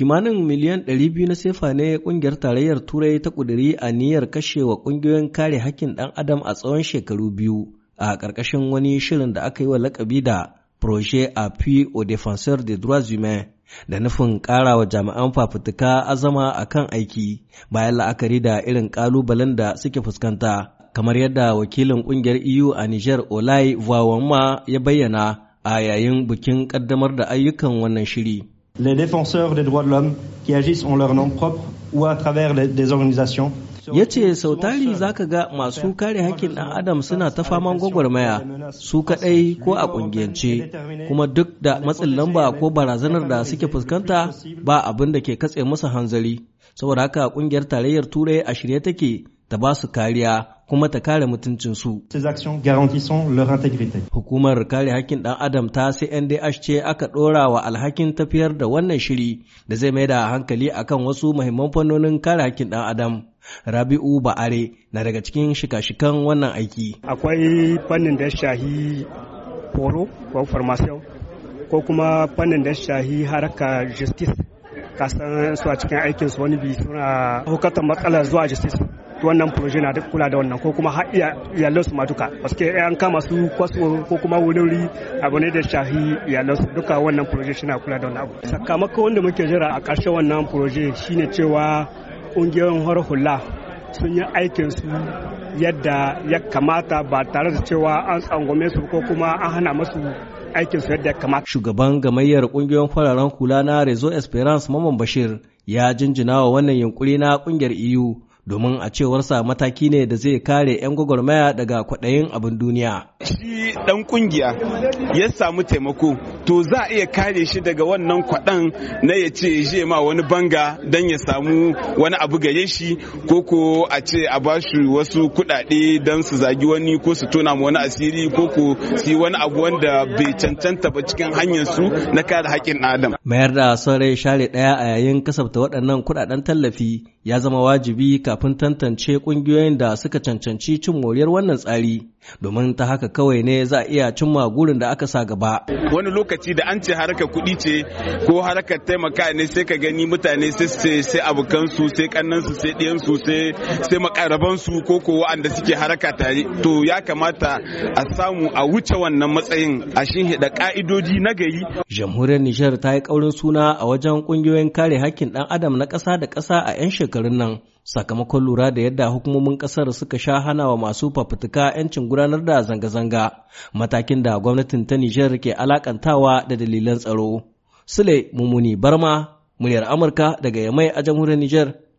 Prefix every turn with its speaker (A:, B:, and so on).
A: kimanin miliyan 200 na sefa ne kungiyar tarayyar turai ta kuduri niyyar kashewa kungiyoyin kare hakkin dan adam a tsawon shekaru biyu a ƙarƙashin wani shirin da aka yi wa lakabi da projet appui au défenseur des droits humains da nufin ƙara wa jami'an fafutuka azama a kan aiki bayan la'akari da irin ƙalubalen da suke fuskanta kamar yadda wakilin kungiyar EU a Niger Olai vawanma ya bayyana a yayin bikin ƙaddamar da ayyukan wannan shiri.
B: les défenseurs des droits de l'homme qui agissent en leur nom propre ou à travers les, des organisations ya ce sau
A: tari za ka ga masu kare hakkin ɗan adam suna ta faman gwagwarmaya su kaɗai ko a ƙungiyance kuma duk da matsin lamba ko barazanar da suke fuskanta ba abin da ke katse musu hanzari saboda haka ƙungiyar tarayyar turai a shirye take ta ba su kariya kuma ta kare mutuncinsu. Hukumar kare hakkin ɗan Adam ta CNDH ce aka ɗora wa alhakin tafiyar da wannan shiri da zai mai da hankali akan wasu muhimman fannonin kare hakkin ɗan Adam. Rabi'u Ba'are
B: na daga cikin
A: shika-shikan wannan aiki.
B: Akwai fannin da shahi horo ko ko kuma fannin da shahi haraka justice kasan su a cikin aikinsu wani bi suna hukatar matsalar zuwa justice wannan proje na duk kula da wannan ko kuma har iyalan su ma duka paske an kama su kwaso ko kuma wuri abu ne da shahi iyalan su duka wannan proje shi na kula da wannan abu sakamakon wanda muke jira a ƙarshen wannan proje shine cewa ƙungiyoyin har hula sun yi aikin su yadda ya kamata ba tare da cewa an tsangwame su ko kuma an hana masu
A: aikin su yadda ya kamata. Shugaban gamayyar kungiyoyin fararen hula na Rezo Esperance Maman Bashir ya jinjina wa wannan yunkuri na kungiyar iyu e domin a cewarsa mataki ne da zai kare 'yan gwagwarmaya daga kwaɗayin abin duniya. Shi
C: ɗan ƙungiya ya samu taimako to za a iya kare shi daga wannan kwaɗan na ya ce je ma wani banga don ya samu wani abu gare shi ko ko a ce a ba shi wasu kuɗaɗe don su zagi wani ko su tona wani asiri ko ko su yi wani abu wanda bai cancanta ba cikin hanyar su na kare haƙƙin adam.
A: Mayar da sarai share ɗaya a yayin kasafta waɗannan kuɗaɗen tallafi ya zama wajibi kafin tantance ƙungiyoyin da suka cancanci cin moriyar wannan tsari. domin ta haka kawai ne za a iya cimma gurin da aka sa gaba.
C: Wani lokaci da an ce harkar kuɗi ce ko harkar taimaka ne sai ka gani mutane sai ce sai abokansu sai kannansu sai ɗiyansu sai sai makarabansu ko ko wa'anda suke haraka tare to ya kamata a samu a wuce wannan matsayin a da ka'idoji na gari.
A: Jamhuriyar Nijar ta yi ƙaurin suna a wajen ƙungiyoyin kare hakkin ɗan adam na ƙasa da ƙasa a 'yan shekarun nan sakamakon lura da yadda hukumomin kasar suka sha hana wa masu fafutuka 'yancin gudanar da zanga-zanga matakin da gwamnatin ta Nijar ke alakantawa da dalilan tsaro. Sule Mumuni Barma, muryar Amurka daga Yamai a jamhuriyar Nijar.